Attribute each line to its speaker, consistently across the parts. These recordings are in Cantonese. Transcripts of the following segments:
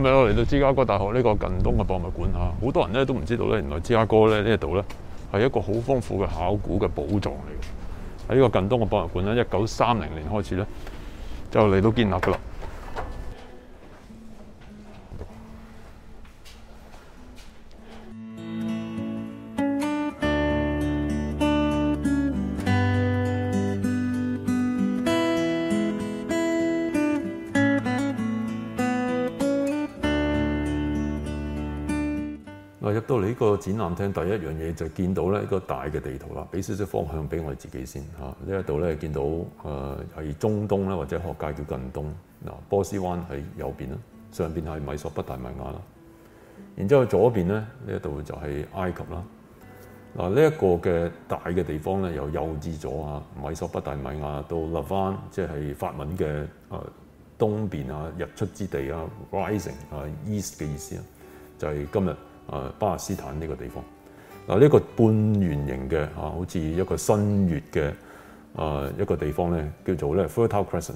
Speaker 1: 今日我嚟到芝加哥大學呢個近東嘅博物館吓，好多人咧都唔知道咧，原來芝加哥咧呢一度咧係一個好豐富嘅考古嘅寶藏嚟嘅。喺呢個近東嘅博物館咧，一九三零年開始咧就嚟到建立㗎啦。展覽廳第一樣嘢就見到咧一個大嘅地圖啦，俾少少方向俾我哋自己先嚇。啊、這裡呢一度咧見到誒係、呃、中東啦，或者學界叫近東嗱、啊，波斯灣喺右邊啦，上邊係米索不大米亞啦、啊，然之後左邊咧呢一度就係埃及啦。嗱呢一個嘅大嘅地方咧由右至左啊，米索不大米亞到 Levant，即係法文嘅誒、啊、東邊啊，日出之地啊，rising 啊 east 嘅意思啊，就係、是、今日。巴勒斯坦呢個地方，嗱、這、呢個半圓形嘅好似一個新月嘅一個地方咧，叫做咧 Fertile Crescent，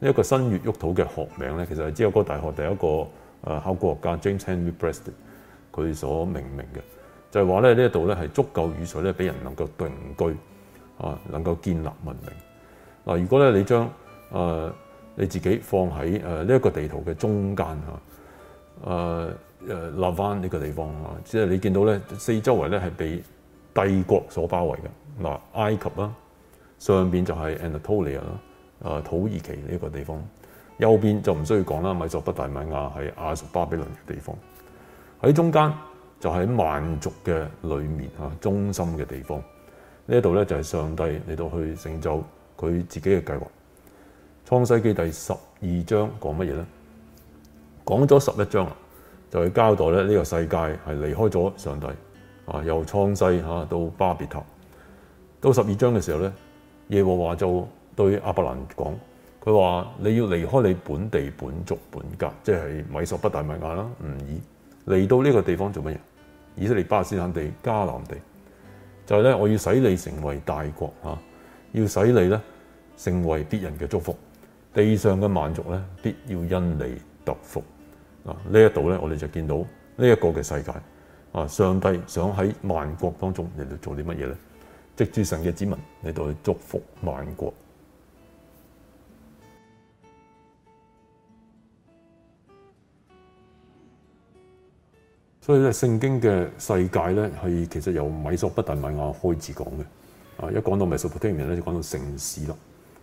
Speaker 1: 一個新月沃土嘅學名咧，其實係芝加哥大學第一個考古學家 James Henry Breasted 佢所命名嘅，就係話咧呢一度咧係足夠雨水咧俾人能夠定居啊，能夠建立文明。嗱，如果咧你將你自己放喺誒呢一個地圖嘅中間誒誒，諗翻呢個地方啊，即係你見到咧，四周圍咧係被帝國所包圍嘅。嗱，埃及啦，上面就係安納托利亞啦，誒土耳其呢一個地方。右邊就唔需要講啦，美索不達米亞係亞述巴比倫嘅地方。喺中間就喺萬族嘅裡面啊，中心嘅地方。呢一度咧就係上帝嚟到去成就佢自己嘅計劃。創世記第十二章講乜嘢咧？講咗十一章啦，就係、是、交代咧呢個世界係離開咗上帝啊，由創世嚇到巴別塔。到十二章嘅時候咧，耶和華就對亞伯蘭講，佢話你要離開你本地、本族、本家，即係美索不達米亞啦，吾珥嚟到呢個地方做乜嘢？以色列巴勒斯坦地加南地就係咧，我要使你成為大國嚇，要使你咧成為別人嘅祝福，地上嘅萬族咧必要因你，祝福啊！呢一度咧，我哋就見到呢一個嘅世界啊！上帝想喺萬國當中嚟到做啲乜嘢咧？藉住神嘅子民嚟到去祝福萬國。所以咧，聖經嘅世界咧，係其實由米索不達米亞開始講嘅。啊，一講到米索普達米亞咧，就講到城市咯。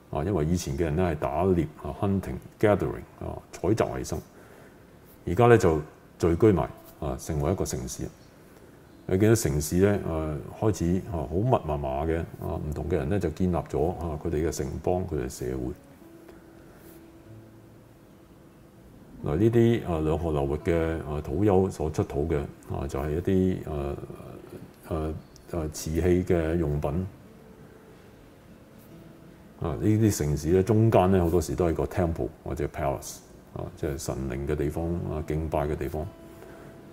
Speaker 1: 啊，因為以前嘅人咧係打獵啊、hunting、gathering 啊、採集為生，而家咧就聚居埋啊，成為一個城市。你見到城市咧，誒開始啊好密密麻嘅，啊唔同嘅人咧就建立咗啊佢哋嘅城邦，佢哋社會。嗱呢啲啊兩河流域嘅啊土丘所出土嘅啊就係一啲誒誒誒瓷器嘅用品。啊！呢啲城市咧，中間咧好多時都係個 temple 或者 palace 啊，即係神靈嘅地方啊，敬拜嘅地方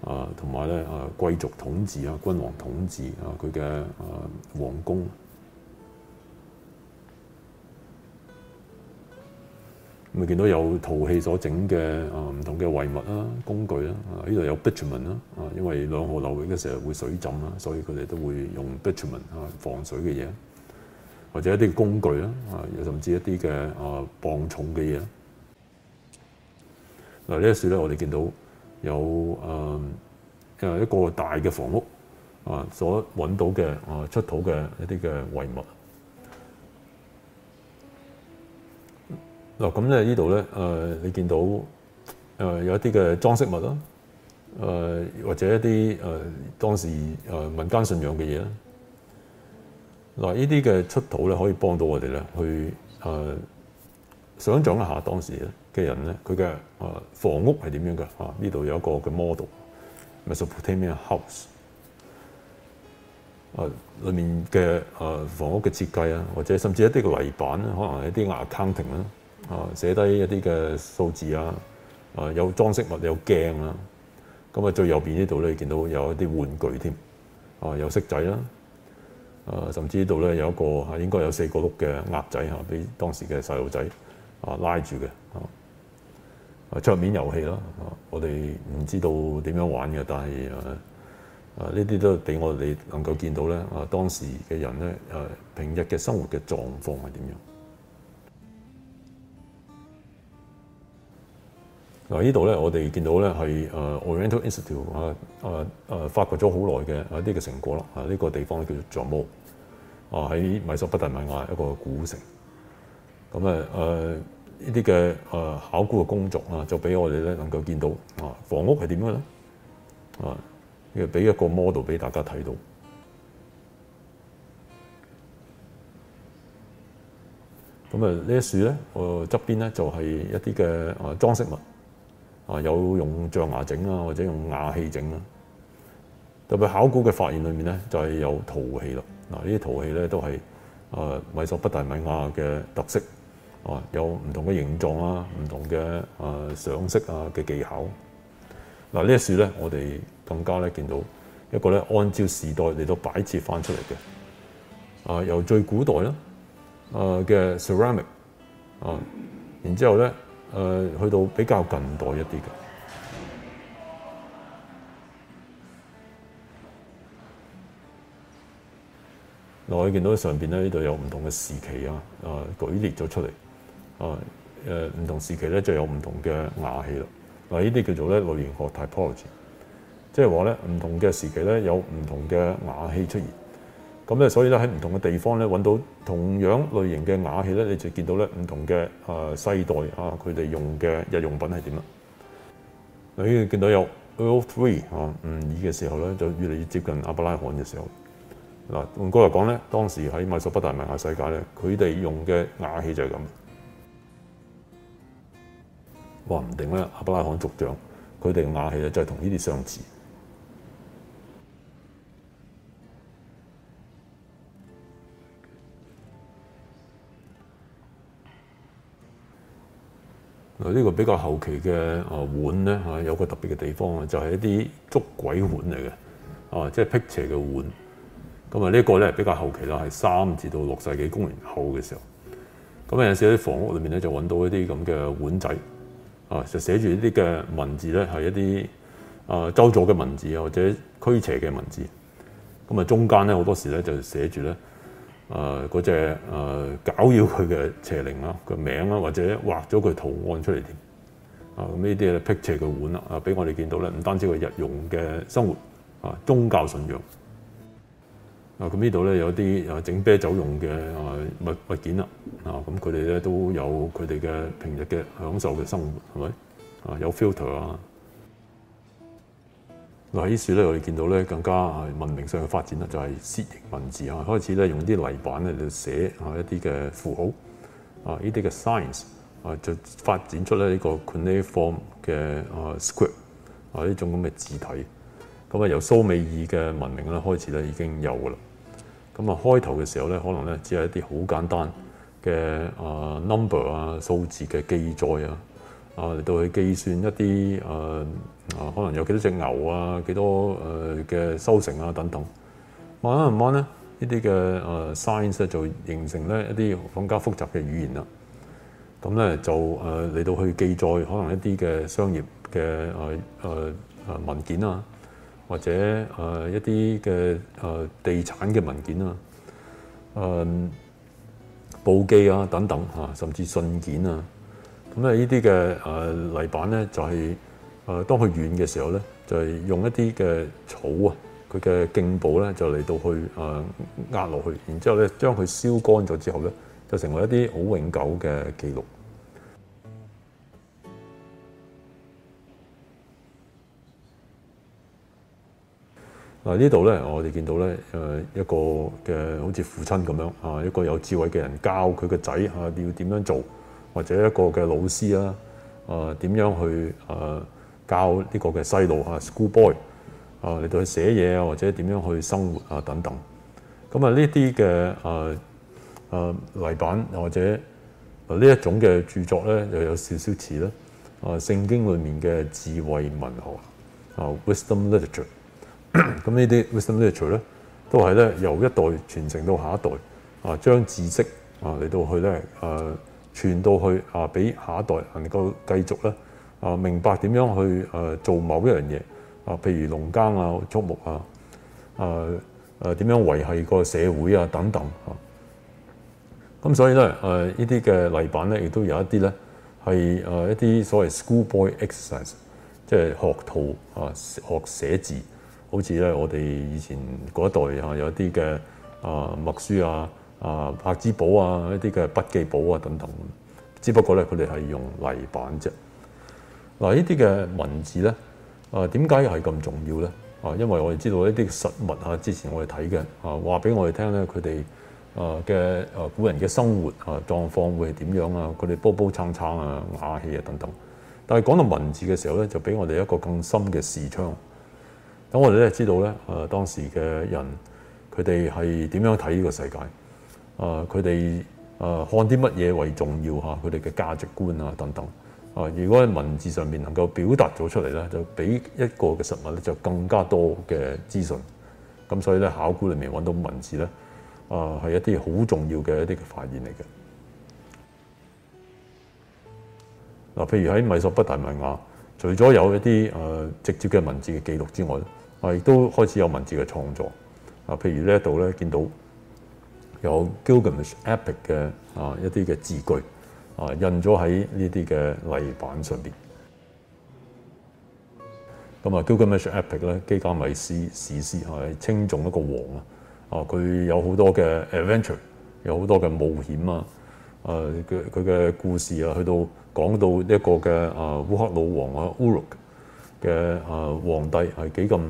Speaker 1: 啊，同埋咧啊，貴族統治啊，君王統治啊，佢嘅啊王宮。咪、啊、見到有陶器所整嘅啊，唔同嘅遺物啊，工具啊，呢度有 bitumen 啦、啊，啊因為兩河流動嘅時候會水浸啦，所以佢哋都會用 bitumen 啊防水嘅嘢。或者一啲工具啦，啊，甚至一啲嘅啊磅重嘅嘢啦。嗱，呢一樹咧，我哋見到有誒誒一個大嘅房屋啊，所揾到嘅啊出土嘅一啲嘅遺物。嗱，咁咧呢度咧誒，你見到誒有一啲嘅裝飾物啦，誒或者一啲誒當時誒民間信仰嘅嘢啦。嗱，依啲嘅出土咧，可以幫到我哋咧，去、呃、誒想像一下當時嘅人咧，佢嘅誒房屋係點樣嘅？啊，呢度有一個嘅 model、Mesopotamian house、啊。誒，裏面嘅誒房屋嘅設計啊，或者甚至一啲嘅泥板可能係一啲 accounting 啦。啊，寫低一啲嘅數字啊。啊，有裝飾物，有鏡啦。咁啊，最右邊呢度咧，見到有一啲玩具添。啊，有色仔啦。誒，甚至呢度咧有一個，應該有四個碌嘅鴨仔嚇，俾當時嘅細路仔啊拉住嘅嚇，桌面遊戲啦，我哋唔知道點樣玩嘅。但係誒誒呢啲都俾我哋能夠見到咧，啊當時嘅人咧誒平日嘅生活嘅狀況係點樣？嗱，啊、這裡呢度咧，我哋見到咧係誒 Oriental Institute 啊啊啊，啊，發掘咗好耐嘅一啲嘅成果咯。啊，呢、這個地方叫做 z a m h o u 啊喺米索不達米亞一個古城。咁啊誒呢啲嘅誒考古嘅工作啊，就俾我哋咧能夠見到啊房屋係點樣咧啊，要俾一個 model 俾大家睇到。咁啊呢、就是、一樹咧，我側邊咧就係一啲嘅誒裝飾物。啊，有用象牙整啊，或者用瓦器整啦。特別考古嘅發現裏面咧，就係、是、有陶器咯。嗱、啊，呢啲陶器咧都係啊，米索不達米亞嘅特色。啊，有唔同嘅形狀啊，唔同嘅啊上色啊嘅技巧。嗱、啊，這個、樹呢一處咧，我哋更加咧見到一個咧，按照時代嚟到擺設翻出嚟嘅。啊，由最古代啦，啊嘅 ceramic，啊，然之後咧。誒、uh, 去到比較近代一啲嘅，嗱，我見到上邊咧呢度有唔同嘅時期啊，啊、呃、舉列咗出嚟，啊誒唔、欸、同時期咧就有唔同嘅瓦器咯。嗱，呢啲叫做咧類型學 typology，即係話咧唔同嘅時期咧有唔同嘅瓦器出現。咁咧，所以咧喺唔同嘅地方咧，揾到同樣類型嘅瓦器咧，你就見到咧唔同嘅誒世代啊，佢哋用嘅日用品係點啦？你見到有 Earle Three 啊，吳爾嘅時候咧，就越嚟越接近阿伯拉罕嘅時候。嗱，換句話講咧，當時喺美索不達米亞世界咧，佢哋用嘅瓦器就係咁，話唔定咧阿伯拉罕族長佢哋嘅瓦器咧，就係同呢啲相似。呢個比較後期嘅誒碗咧，嚇有個特別嘅地方啊，就係、是、一啲捉鬼碗嚟嘅，啊，即係辟邪嘅碗。咁、這、啊、個，呢一個咧比較後期啦，係三至到六世紀公元後嘅時候。咁有陣時喺房屋裏面咧就揾到一啲咁嘅碗仔，啊，就寫住呢啲嘅文字咧，係一啲誒咒詛嘅文字或者驅邪嘅文字。咁啊，中間咧好多時咧就寫住咧。誒嗰、呃、隻、呃、搞擾佢嘅邪靈啦，個名啦，或者畫咗佢圖案出嚟添。啊，咁呢啲咧辟邪嘅碗啦，啊，俾我哋見到咧，唔單止佢日用嘅生活啊，宗教信仰。啊，咁呢度咧有啲誒整啤酒用嘅物物件啦。啊，咁佢哋咧都有佢哋嘅平日嘅享受嘅生活，係咪？啊，有 filter 啊。嗱，喺呢處咧，我哋見到咧更加文明上嘅發展咧，就係楔形文字啊，開始咧用啲泥板咧嚟寫啊一啲嘅符號啊，依啲嘅 signs 啊，就發展出咧呢個 cuneiform 嘅啊 script 啊呢種咁嘅字體。咁啊由蘇美爾嘅文明咧開始咧已經有噶啦。咁啊開頭嘅時候咧，可能咧只係一啲好簡單嘅啊 number 啊數字嘅記載啊，啊嚟到去計算一啲啊。啊，可能有幾多隻牛啊，幾多誒嘅、呃、收成啊，等等。慢慢慢慢咧，呢啲嘅誒 sign 咧就形成咧一啲更加複雜嘅語言啦、啊。咁、嗯、咧就誒嚟、呃、到去記載可能一啲嘅商業嘅誒誒誒文件啊，或者誒、呃、一啲嘅誒地產嘅文件啊，誒簿記啊等等嚇、啊，甚至信件啊。咁、嗯、咧呢啲嘅誒泥板咧就係、是。誒，當佢軟嘅時候咧，就係用一啲嘅草啊，佢嘅莖部咧就嚟到去誒壓落去，然之後咧將佢燒乾咗之後咧，就成為一啲好永久嘅記錄。嗱、嗯，呢度咧我哋見到咧誒一個嘅好似父親咁樣啊，一個有智慧嘅人教佢嘅仔啊要點樣做，或者一個嘅老師啊，誒點樣去誒，教呢個嘅細路啊，schoolboy 啊，嚟到去寫嘢啊，或者點樣去生活啊等等。咁啊，呢啲嘅誒誒泥板或者呢一種嘅著作咧，又有少少似咧啊，聖經裏面嘅智慧文學啊，wisdom literature。咁、 啊、呢啲 wisdom literature 咧，都係咧由一代傳承到下一代啊，將知識啊嚟到去咧誒傳到去啊，俾下一代能夠繼續咧。啊！明白點樣去誒做某一樣嘢啊？譬如農耕啊、畜牧啊、誒誒點樣維繫個社會啊等等嚇。咁、啊、所以咧誒，呢啲嘅泥板咧，亦都有一啲咧係誒一啲所謂 schoolboy exercise，即係學塗啊、學寫字，好似咧我哋以前嗰一代啊，有一啲嘅啊墨書啊、啊拍紙簿啊一啲嘅筆記簿啊等等。只不過咧，佢哋係用泥板啫。嗱，呢啲嘅文字咧，啊，點解係咁重要咧？啊，因為我哋知道一啲實物啊，之前我哋睇嘅啊，話俾我哋聽咧，佢哋啊嘅、啊、古人嘅生活啊狀況會係點樣啊？佢哋煲煲罉罉啊、瓦器啊等等。但係講到文字嘅時候咧，就俾我哋一個更深嘅視窗。咁我哋咧知道咧，啊當時嘅人佢哋係點樣睇呢個世界？啊，佢哋、啊、看啲乜嘢為重要嚇？佢哋嘅價值觀啊等等。啊！如果喺文字上面能夠表達咗出嚟咧，就比一個嘅實物咧，就更加多嘅資訊。咁所以咧，考古裡面揾到文字咧，啊，係一啲好重要嘅一啲嘅發現嚟嘅。嗱，譬如喺美索不達米亞，除咗有一啲誒直接嘅文字嘅記錄之外啊，亦都開始有文字嘅創作。嗱，譬如呢一度咧，見到有 Gilgamesh Epic 嘅啊一啲嘅字句。啊印咗喺呢啲嘅泥板上面。咁啊，《Gilgamesh Epic》咧，基加米斯史詩，係稱重一個王啊。啊，佢有好多嘅 adventure，有好多嘅冒險啊。佢佢嘅故事啊，去到講到一個嘅烏克魯王啊 Uruk 嘅啊皇帝係幾咁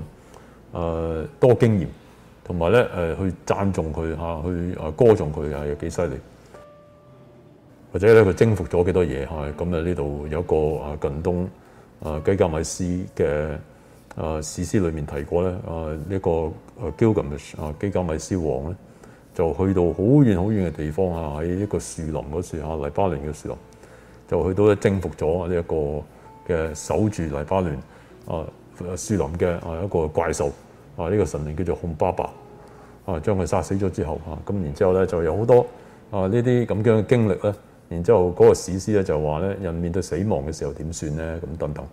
Speaker 1: 多經驗，同埋咧去讚頌佢嚇，去歌頌佢係幾犀利。或者咧佢征服咗幾多嘢嚇？咁啊呢度有一個啊，近東啊，基加米斯嘅啊史詩裏面提過咧啊，呢個啊基加米斯啊基加米斯王咧，就去到好遠好遠嘅地方啊，喺一個樹林嗰時黎巴嫩嘅樹林，就去到咧征服咗呢一個嘅守住黎巴嫩啊樹林嘅啊一個怪獸啊呢個神靈叫做紅巴巴啊，將佢殺死咗之後啊，咁然之後咧就有好多啊呢啲咁樣嘅經歷咧。然之後，嗰個史詩咧就話咧，人面對死亡嘅時候點算咧？咁等等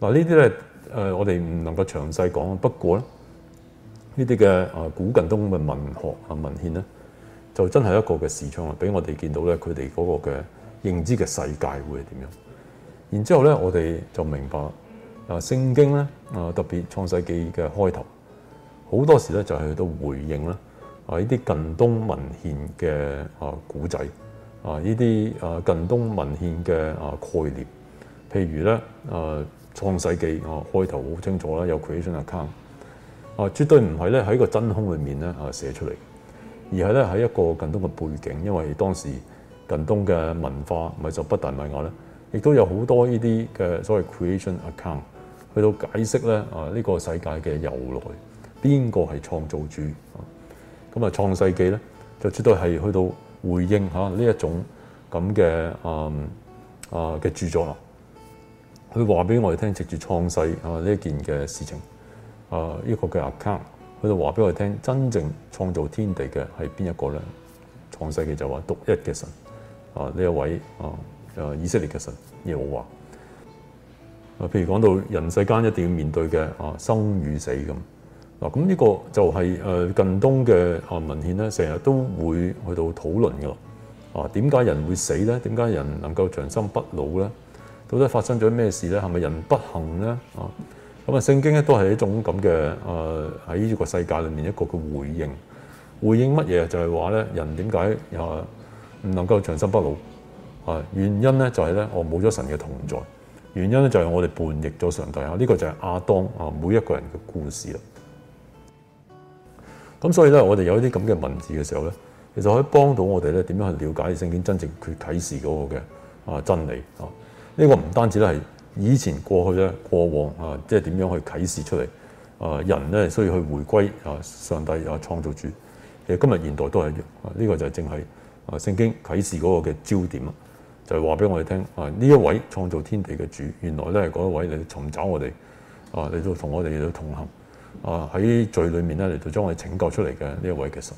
Speaker 1: 嗱，呢啲咧誒，我哋唔能夠詳細講。不過咧，呢啲嘅誒古近東嘅文學啊文獻咧，就真係一個嘅視窗，俾我哋見到咧，佢哋嗰個嘅認知嘅世界會係點樣。然之後咧，我哋就明白啊，聖經咧啊，特別創世記嘅開頭好多時咧就係去到回應咧啊呢啲近東文獻嘅啊古仔。啊！呢啲啊近東文獻嘅啊概念，譬如咧啊《創世記》啊開頭好清楚啦，有 creation account，啊絕對唔係咧喺個真空裏面咧啊寫出嚟，而係咧喺一個近東嘅背景，因為當時近東嘅文化咪就是、不達米亞咧，亦都有好多呢啲嘅所謂 creation account 去到解釋咧啊呢、呢個世界嘅由來，邊個係創造主？咁啊，啊《創世記》咧就絕對係去到。回應嚇呢一種咁嘅、嗯、啊啊嘅著作啦，佢話俾我哋聽藉住創世啊呢一件嘅事情，啊呢、呢個嘅 account，佢就話俾我哋聽真正創造天地嘅係邊一個咧？創世嘅就話獨一嘅神啊呢一位啊啊以色列嘅神耶和華。啊，譬如講到人世間一定要面對嘅啊生與死咁。咁呢個就係近東嘅啊文獻咧，成日都會去到討論㗎啦。啊，點解人會死咧？點解人能夠長生不老咧？到底發生咗咩事咧？係咪人不幸咧？啊，咁啊聖經咧都係一種咁嘅喺呢個世界裏面一個嘅回應，回應乜嘢就係話咧人點解啊唔能夠長生不老啊？原因咧就係咧我冇咗神嘅同在，原因咧就係我哋叛逆咗上帝啊。呢個就係阿當啊每一個人嘅故事啦。咁所以咧，我哋有一啲咁嘅文字嘅時候咧，其實可以幫到我哋咧點樣去了解聖經真正佢啟示嗰個嘅啊真理啊。呢個唔單止咧係以前過去咧過往啊，即係點樣去啟示出嚟啊？人咧需要去回歸啊上帝啊創造主。其實今日現代都係一樣。呢個就係正係啊聖經啟示嗰個嘅焦點，就係話俾我哋聽啊呢一位創造天地嘅主，原來咧係嗰一位嚟尋找我哋啊嚟到同我哋去同行。啊！喺罪裏面咧，嚟到將我哋拯救出嚟嘅呢一位其實。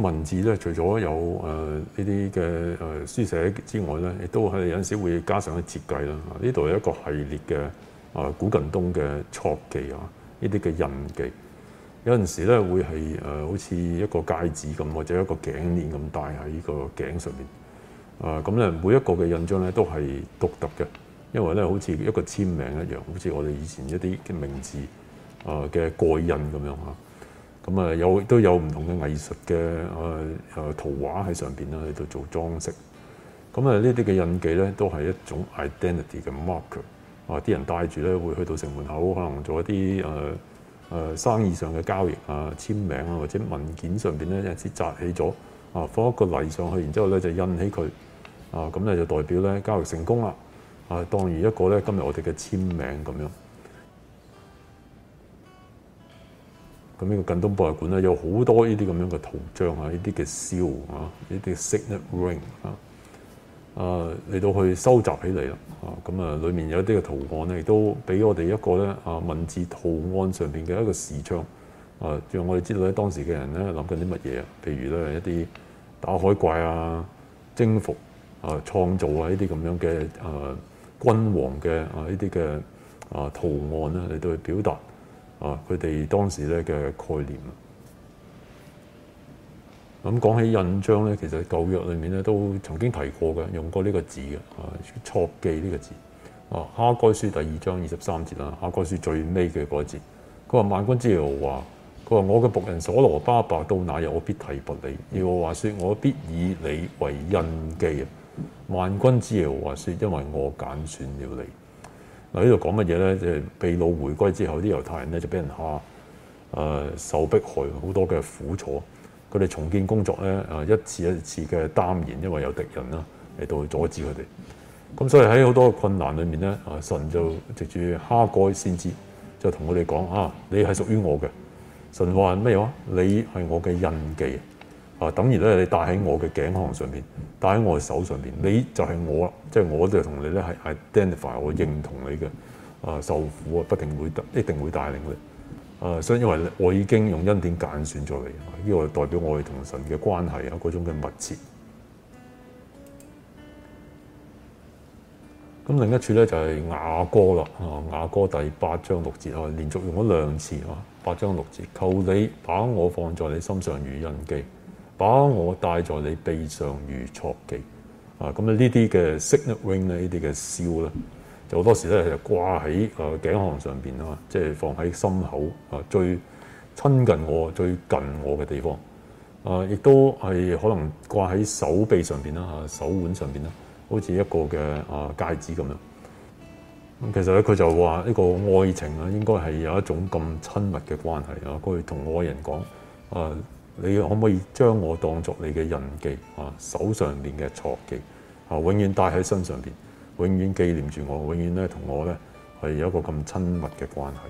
Speaker 1: 文字咧，除咗有誒呢啲嘅誒書寫之外咧，亦都係有陣時會加上啲設計啦。呢、啊、度有一個系列嘅誒、啊、古近東嘅錯記啊，呢啲嘅印記，有陣時咧會係誒、啊、好似一個戒指咁，或者一個頸鏈咁戴喺個頸上面。啊，咁咧每一個嘅印章咧都係獨特嘅，因為咧好似一個簽名一樣，好似我哋以前一啲嘅名字誒嘅蓋印咁樣啊。咁啊，有都有唔同嘅藝術嘅誒圖畫喺上面，啦，喺度做裝飾。咁啊，呢啲嘅印記咧，都係一種 identity 嘅 marker。啊，啲人帶住咧，會去到城門口，可能做一啲誒生意上嘅交易啊、簽名啊，或者文件上面咧，有陣時紮起咗啊，放一個泥上去，然之後咧就印起佢啊，咁咧就代表咧交易成功啦。啊，當然，一個咧，今日我哋嘅簽名咁樣。咁呢個近東博物館咧，有好多呢啲咁樣嘅圖像啊，呢啲嘅肖啊，呢啲 signet ring 啊，啊嚟到去收集起嚟啦，啊咁啊，裡面有一啲嘅圖案咧，亦都俾我哋一個咧啊文字圖案上邊嘅一個視窗啊，讓我哋知道咧當時嘅人咧諗緊啲乜嘢啊，譬如咧一啲打海怪啊、征服啊、創造啊呢啲咁樣嘅啊君王嘅啊呢啲嘅啊圖案咧嚟到去表達。啊！佢哋當時咧嘅概念，咁講起印章咧，其實舊約裏面咧都曾經提過嘅，用過呢個字嘅，錯記呢個字。啊，哈該書第二章二十三節啦，哈該書最尾嘅嗰節，佢話萬軍之耶和華說，佢話我嘅僕人所羅巴伯，伯到那日我必提拔你，要我話說我必以你為印記啊！萬軍之耶和華說，因為我揀選了你。嗱，呢度講乜嘢咧？就係被擄回歸之後，啲猶太人咧就俾人嚇，誒、呃、受迫害好多嘅苦楚。佢哋重建工作咧，誒，一次一次嘅耽延，因為有敵人啦嚟到去阻止佢哋。咁所以喺好多困難裏面咧，啊，神就藉住哈該先知就同佢哋講：啊，你係屬於我嘅。神話係咩話？你係我嘅印記。啊！等於咧，你戴喺我嘅頸項，項上邊，戴喺我嘅手上邊，你就係我啦。即、就、係、是、我就同你咧係 identify，我認同你嘅啊。受苦啊，不停會一定會帶領你啊。所以因為我已經用恩典揀選咗你，呢、啊、個代表我哋同神嘅關係啊，嗰種嘅密切。咁另一處咧就係、是、雅歌啦，啊雅歌第八章六節啊，連續用咗兩次啊，八章六節，求你把我放在你心上如印記。把我帶在你臂上如戳記啊！咁咧呢啲嘅 signet ring 呢啲嘅 seal 咧，就好多時咧就掛喺啊頸項上邊啊，即係放喺心口啊，最親近我、最近我嘅地方啊，亦都係可能掛喺手臂上邊啦、啊、手腕上邊啦，好、啊、似一個嘅啊戒指咁樣。咁、啊、其實咧，佢就話呢個愛情咧，應該係有一種咁親密嘅關係啊，可以同愛人講啊。你可唔可以將我當作你嘅印記啊？手上邊嘅錯記啊，永遠帶喺身上邊，永遠紀念住我，永遠咧同我咧係有一個咁親密嘅關係。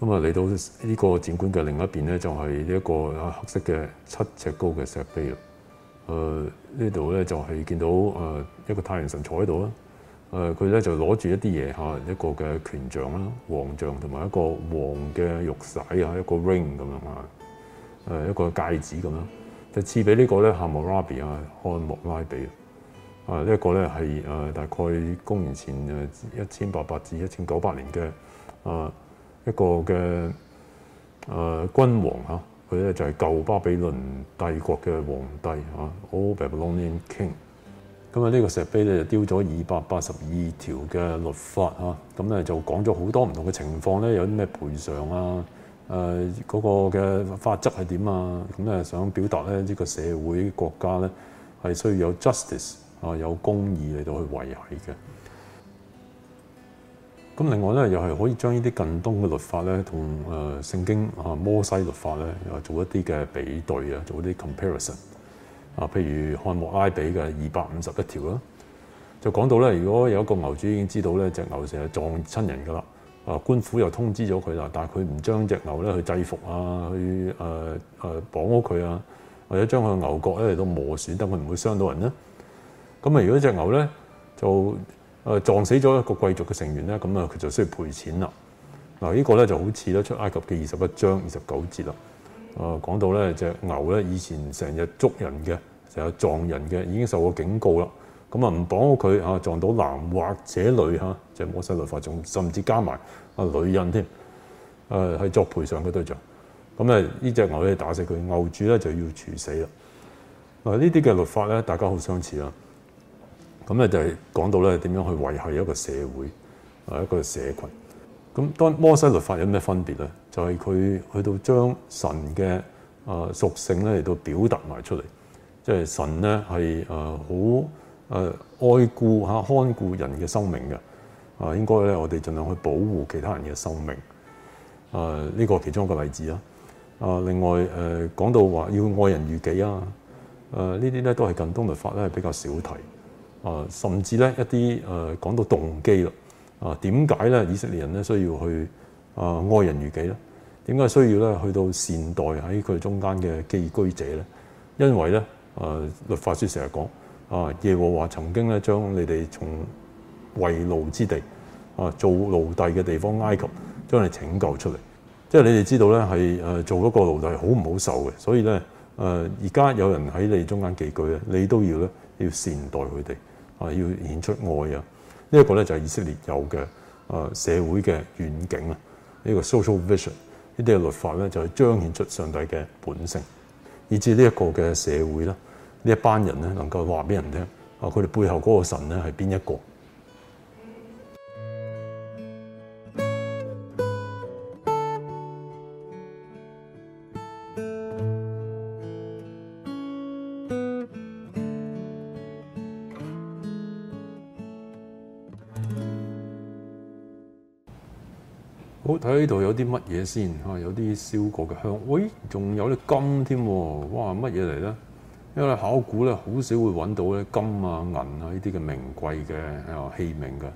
Speaker 1: 咁啊，嚟到呢個展館嘅另一邊咧，就係、是、一個黑色嘅七尺高嘅石碑啦。誒、呃，這裡呢度咧就係、是、見到誒、呃、一個太陽神坐喺度啦。誒佢咧就攞住一啲嘢嚇，一個嘅權杖啦、王杖，同埋一個黃嘅玉璽啊，一個 ring 咁樣誒一個戒指咁啦，就賜俾呢個咧哈穆拉比啊，漢穆拉比啊，呢、這、一個咧係誒大概公元前誒一千八百至一千九百年嘅一個嘅誒君王嚇，佢咧就係舊巴比倫帝國嘅皇帝嚇，Old Babylonian King。咁啊，呢個石碑咧就雕咗二百八十二條嘅律法啊，咁咧就講咗好多唔同嘅情況咧，有啲咩賠償啊，誒、呃、嗰、嗰個嘅法則係點啊？咁咧想表達咧呢個社會國家咧係需要有 justice 啊，有公義嚟到去維係嘅。咁另外咧又係可以將呢啲近東嘅律法咧同誒聖經啊摩西律法咧又做一啲嘅比對啊，做一啲 comparison。啊，譬如《漢謨拉比》嘅二百五十一條啦，就講到咧，如果有一個牛主已經知道咧，隻牛成日撞親人噶啦，啊官府又通知咗佢啦，但係佢唔將隻牛咧去制服啊，去誒誒綁好佢啊，或者將佢牛角咧嚟到磨損，等佢唔會傷到人咧。咁啊，如果隻牛咧就誒撞死咗一個貴族嘅成員咧，咁啊佢就需要賠錢啦。嗱，呢個咧就好似得出埃及嘅二十一章二十九節啦。啊，講到咧隻牛咧，以前成日捉人嘅，成日撞人嘅，已經受過警告啦。咁啊，唔綁好佢啊，撞到男或者女嚇，就摩西律法仲甚至加埋啊女人添。係作賠上嘅對象。咁呢隻牛咧打死佢，牛主咧就要處死啦。嗱，呢啲嘅律法咧，大家好相似啦。咁咧就係講到咧點樣去維係一個社會啊，一個社群。咁當摩西律法有咩分別咧？就係佢去到將神嘅啊屬性咧嚟到表達埋出嚟，即係神咧係啊好啊愛顧嚇看顧人嘅生命嘅啊、呃，應該咧我哋盡量去保護其他人嘅生命啊呢、呃這個其中一個例子啦。啊、呃、另外誒、呃、講到話要愛人如己啊誒呢啲咧都係近東律法咧係比較少提啊、呃、甚至咧一啲誒、呃、講到動機咯啊，點解咧以色列人咧需要去？啊！愛人如己啦，點解需要咧？去到善待喺佢中間嘅寄居者咧，因為咧，誒、呃、律法書成日講啊，耶和華曾經咧將你哋從為奴之地啊做奴隸嘅地方埃及將你拯救出嚟，即係你哋知道咧係誒做嗰個奴隸好唔好受嘅，所以咧誒而家有人喺你中間寄居咧，你都要咧要善待佢哋啊，啊，要顯出愛啊。這個、呢一個咧就係、是、以色列有嘅誒、啊、社會嘅遠景啊。呢個 social vision，呢啲嘅律法咧就係彰顯出上帝嘅本性，以至呢一個嘅社會咧，呢一班人咧能夠話俾人聽啊佢哋背後嗰個神咧係邊一個。呢度有啲乜嘢先嚇？有啲燒過嘅香，喂、哎，仲有啲金添，哇！乜嘢嚟咧？因為考古咧，好少會揾到咧金啊銀啊呢啲嘅名貴嘅啊器皿嘅。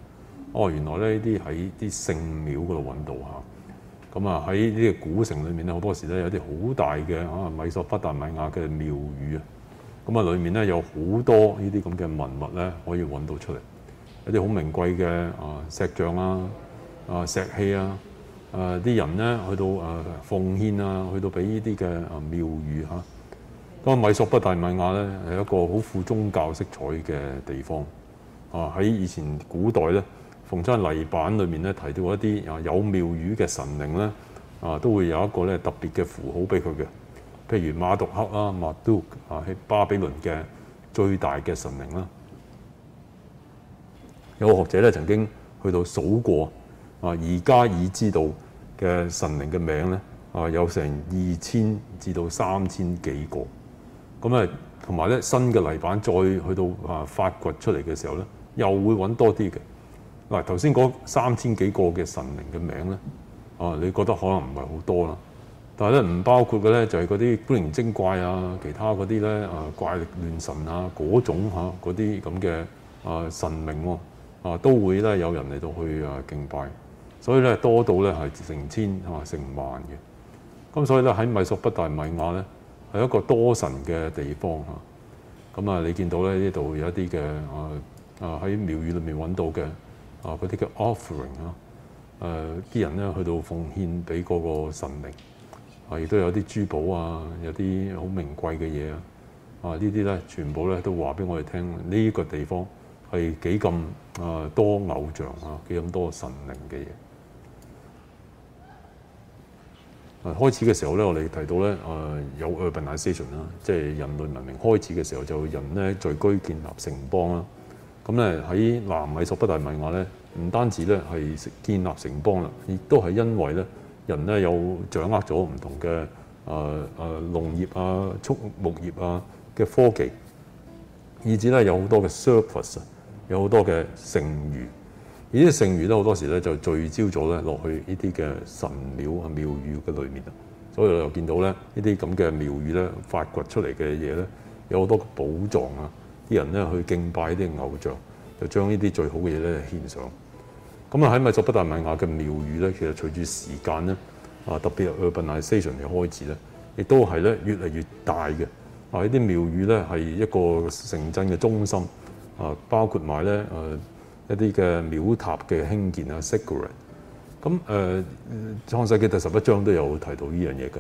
Speaker 1: 哦，原來咧呢啲喺啲聖廟嗰度揾到嚇。咁啊喺呢個古城裏面咧，好多時咧有啲好大嘅啊米索不達米亞嘅廟宇啊。咁啊，裏面咧有好多呢啲咁嘅文物咧，可以揾到出嚟有啲好名貴嘅啊石像啊啊石器啊。誒啲、呃、人咧去到誒奉獻啊，去到俾呢啲嘅誒廟宇嚇。當、呃啊啊、米索不達米亞咧係一個好富宗教色彩嘅地方。啊喺以前古代咧，逢親泥板裏面咧提到一啲啊有廟宇嘅神靈咧，啊都會有一個咧特別嘅符號俾佢嘅。譬如馬杜克啦 Marduk 啊，係、啊、巴比倫嘅最大嘅神靈啦、啊。有學者咧曾經去到數過，啊而家已知道。嘅神靈嘅名咧，啊有成二千至到三千幾個，咁啊同埋咧新嘅泥板再去到啊發掘出嚟嘅時候咧，又會揾多啲嘅。嗱，頭先嗰三千幾個嘅神靈嘅名咧，啊你覺得可能唔係好多啦，但係咧唔包括嘅咧就係嗰啲古靈精怪啊、其他嗰啲咧啊怪力亂神啊嗰種嚇嗰啲咁嘅啊神明喎，啊都會咧有人嚟到去啊敬拜。所以咧多到咧係成千成萬嘅，咁所以咧喺米索不達米亞咧係一個多神嘅地方咁啊，你見到咧呢度有一啲嘅啊啊喺廟宇裏面揾到嘅啊嗰啲嘅 offering 啊，誒啲人咧去到奉獻俾嗰個神靈啊，亦都有啲珠寶啊，有啲好名貴嘅嘢啊。啊呢啲咧全部咧都話俾我哋聽，呢個地方係幾咁啊多偶像啊，幾咁多神靈嘅嘢。開始嘅時候咧，我哋提到咧，誒有 urbanization 啦，即係人類文明開始嘅時候，就人咧聚居建立城邦啦。咁咧喺南美索不達米亞咧，唔單止咧係建立城邦啦，亦都係因為咧人咧有掌握咗唔同嘅誒誒農業啊、畜牧業啊嘅科技，以至咧有好多嘅 surface，有好多嘅剩餘。呢啲剩餘咧，好多時咧就聚焦咗咧落去呢啲嘅神廟啊廟宇嘅裏面啊，所以我又見到咧呢啲咁嘅廟宇咧發掘出嚟嘅嘢咧，有好多寶藏啊！啲人咧去敬拜啲偶像，就將呢啲最好嘅嘢咧獻上。咁啊喺米索不達米亞嘅廟宇咧，其實隨住時間咧啊，特別 urbanisation 嘅開始咧，亦都係咧越嚟越大嘅啊！呢啲廟宇咧係一個城鎮嘅中心啊，包括埋咧誒。一啲嘅廟塔嘅興建啊，ziggurat，咁創世記第十一章都有提到呢樣嘢嘅，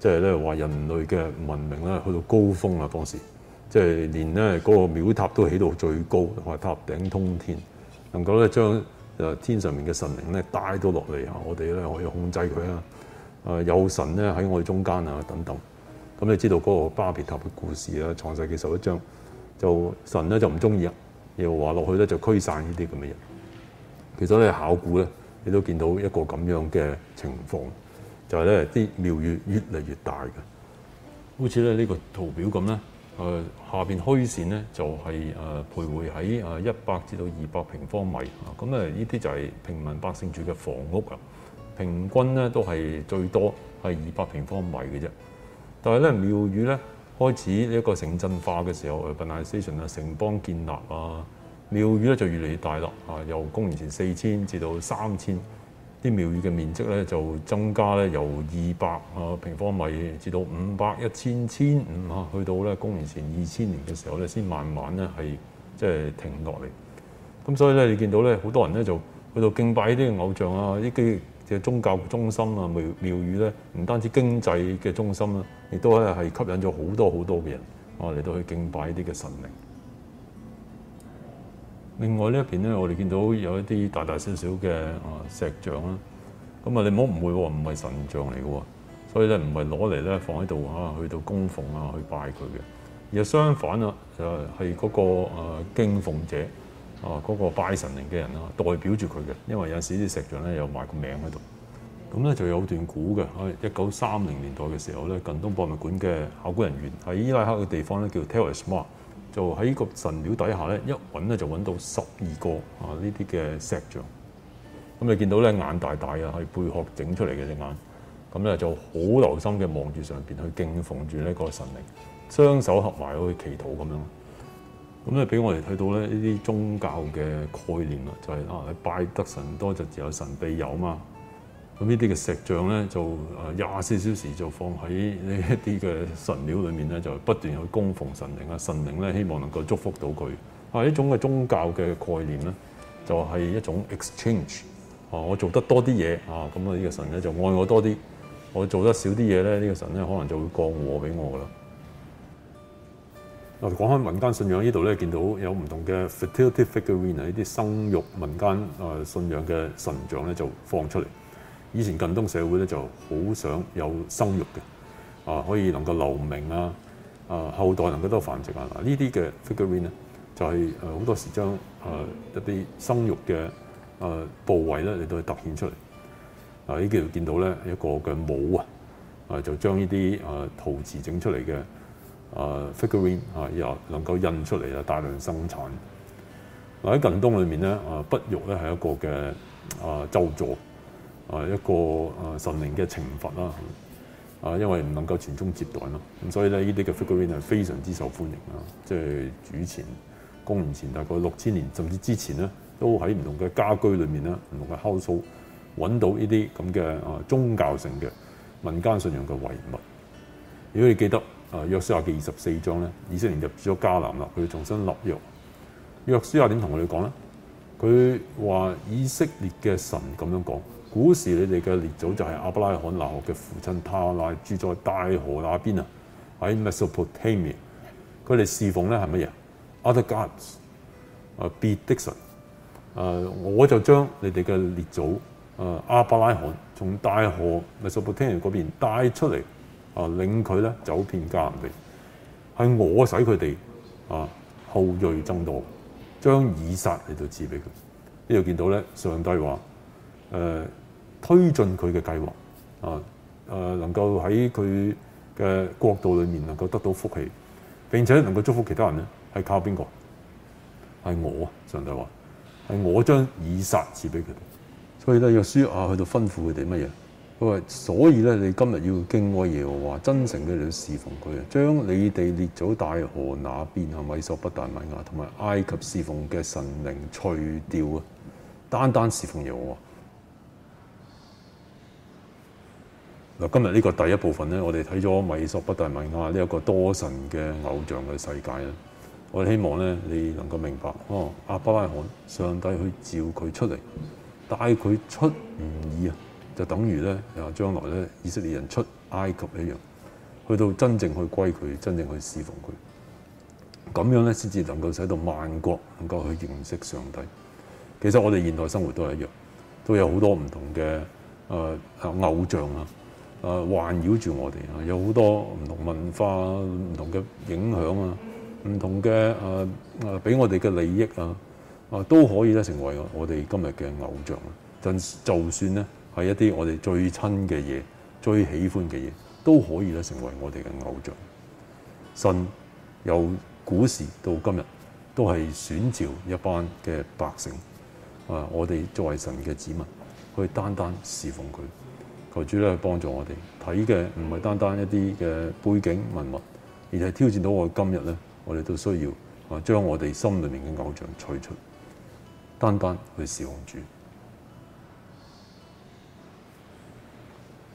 Speaker 1: 即係咧話人類嘅文明咧去到高峰啊，當時即係、就是、連咧嗰、那個廟塔都起到最高，同埋塔頂通天，能夠咧將天上面嘅神靈咧帶到落嚟啊，我哋咧可以控制佢啊、嗯呃，有神咧喺我哋中間啊等等，咁你知道嗰個巴別塔嘅故事啊，創世記十一章就神咧就唔中意啊。又話落去咧，就驅散呢啲咁嘅嘢。其實咧，考古咧，你都見到一個咁樣嘅情況，就係咧啲廟宇越嚟越大嘅。好似咧呢個圖表咁咧，誒下邊虛線咧就係誒徘徊喺誒一百至到二百平方米啊。咁誒呢啲就係平民百姓住嘅房屋啊。平均咧都係最多係二百平方米嘅啫。但係咧廟宇咧～開始一個城鎮化嘅時候，urbanisation 啊，城邦建立啊，廟宇咧就越嚟越大啦。啊，由公元前四千至到三千，啲廟宇嘅面積咧就增加咧，由二百啊平方米至到五百一千千五啊，去到咧公元前二千年嘅時候咧，先慢慢咧係即係停落嚟。咁所以咧，你見到咧，好多人咧就去到敬拜呢啲偶像啊，呢啲嘅宗教中心啊，廟廟宇咧，唔單止經濟嘅中心啦。亦都係係吸引咗好多好多嘅人，啊嚟到去敬拜呢啲嘅神靈。另外呢一邊咧，我哋見到有一啲大大小小嘅啊石像啦，咁啊你唔好誤會喎，唔係神像嚟嘅喎，所以咧唔係攞嚟咧放喺度啊，去到供奉啊，去拜佢嘅。而相反啊，就係、係、嗰個啊敬奉者啊嗰、嗰個拜神靈嘅人啦，代表住佢嘅，因為有時啲石像咧有埋個名喺度。咁咧就有段古嘅，喺一九三零年代嘅時候咧，近東博物館嘅考古人員喺伊拉克嘅地方咧，叫 Tell Asmar，就喺個神廟底下咧，一揾咧就揾到十二個啊呢啲嘅石像。咁你見到咧眼大大啊，係貝殼整出嚟嘅隻眼，咁咧就好留心嘅望住上面，去敬奉住呢個神靈，雙手合埋去祈禱咁樣。咁咧俾我哋睇到咧呢啲宗教嘅概念啦，就係、係、啊你拜得神多就自有神庇佑啊嘛。咁呢啲嘅石像咧，就誒廿四小時就放喺呢一啲嘅神廟裏面咧，就不斷去供奉神靈啊。神靈咧，希望能夠祝福到佢啊。一種嘅宗教嘅概念咧，就係一種 exchange 啊。我做得多啲嘢啊，咁啊呢個神咧就愛我多啲；我做得少啲嘢咧，呢個神咧可能就會降禍俾我噶啦。啊，講開民間信仰呢度咧，見到有唔同嘅 fertility figurine 呢啲生育民間啊信仰嘅神像咧，就放出嚟。以前近東社會咧就好想有生育嘅，啊可以能夠留名啊，啊後代能夠多繁殖啊，嗱呢啲嘅 figurine 咧就係誒好多時將誒一啲生育嘅誒部位咧嚟到去凸顯出嚟。嗱喺呢度見到咧一個嘅模啊，啊就將呢啲誒陶瓷整出嚟嘅誒 figurine 啊又能夠印出嚟啊大量生產。嗱喺近東裏面咧啊不育咧係一個嘅啊咒詛。啊！一個啊神靈嘅懲罰啦，啊，因為唔能夠傳宗接代咯，咁所以咧，依啲嘅 figurine 係非常之受歡迎啦。即係主前公元前大概六千年，甚至之前咧，都喺唔同嘅家居裏面咧，唔同嘅考古揾到呢啲咁嘅啊宗教性嘅民間信仰嘅遺物。如果你記得啊，約書亞嘅二十四章咧，以色列入咗迦南啦，佢重新立約。約書亞點同佢哋講咧？佢話以色列嘅神咁樣講。古時你哋嘅列祖就係亞伯拉罕留學嘅父親他拉，住在大河那邊啊，喺 Mesopotamia。佢哋侍奉咧係乜嘢？other gods，bit 誒，別的神。誒、呃，我就將你哋嘅列祖誒亞、呃、伯拉罕從大河 Mesopotamia 嗰邊帶出嚟，誒、呃，領佢咧走遍迦南地。係我使佢哋啊，後裔增多，將以撒嚟到賜俾佢。呢度見到咧，上帝話誒。呃推進佢嘅計劃，啊啊能夠喺佢嘅國度裏面能夠得到福氣，並且能夠祝福其他人咧，係靠邊個？係我上帝話，係我將以撒賜俾佢哋，所以咧約書亞、啊、去到吩咐佢哋乜嘢？佢話：所以咧，你今日要敬畏耶和華，真誠地嚟侍奉佢啊！將你哋列祖大河那邊啊、米索不、達米亞同埋埃及侍奉嘅神靈除掉啊，單單侍奉耶和華。嗱，今日呢個第一部分咧，我哋睇咗米索不達米亞，呢一個多神嘅偶像嘅世界咧。我哋希望咧，你能夠明白，哦，亞伯拉罕上帝去召佢出嚟，帶佢出吾爾，就等於咧啊，將來咧以色列人出埃及一樣，去到真正去歸佢，真正去侍奉佢，咁樣咧先至能夠使到萬國能夠去認識上帝。其實我哋現代生活都係一樣，都有好多唔同嘅、呃、偶像啊。誒環繞住我哋啊，有好多唔同文化、唔同嘅影響啊，唔同嘅誒誒俾我哋嘅利益啊，啊都可以咧成為我哋今日嘅偶像。就就算咧係一啲我哋最親嘅嘢、最喜歡嘅嘢，都可以咧成為我哋嘅偶像。神由古時到今日都係選召一班嘅百姓。啊，我哋作為神嘅子民，去單單侍奉佢。求主咧去幫助我哋睇嘅唔係單單一啲嘅背景文物，而係挑戰到我哋今日咧，我哋都需要啊將我哋心裏面嘅偶像取出，單單去侍奉主。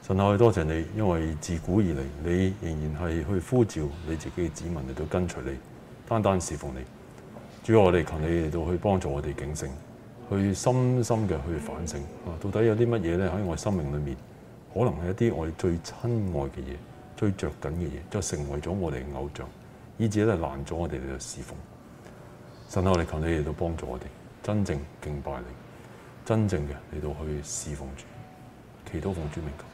Speaker 1: 神啊，我多謝你，因為自古以嚟你仍然係去呼召你自己嘅子民嚟到跟隨你，單單侍奉你。主要我哋求你嚟到去幫助我哋警醒，去深深嘅去反省啊，到底有啲乜嘢咧喺我生命裏面？可能係一啲我哋最親愛嘅嘢、最着緊嘅嘢，就成為咗我哋嘅偶像。以至都係攔阻我哋嚟到侍奉神啊！我哋求你嚟到幫助我哋，真正敬拜你，真正嘅嚟到去侍奉主，祈禱奉主名求。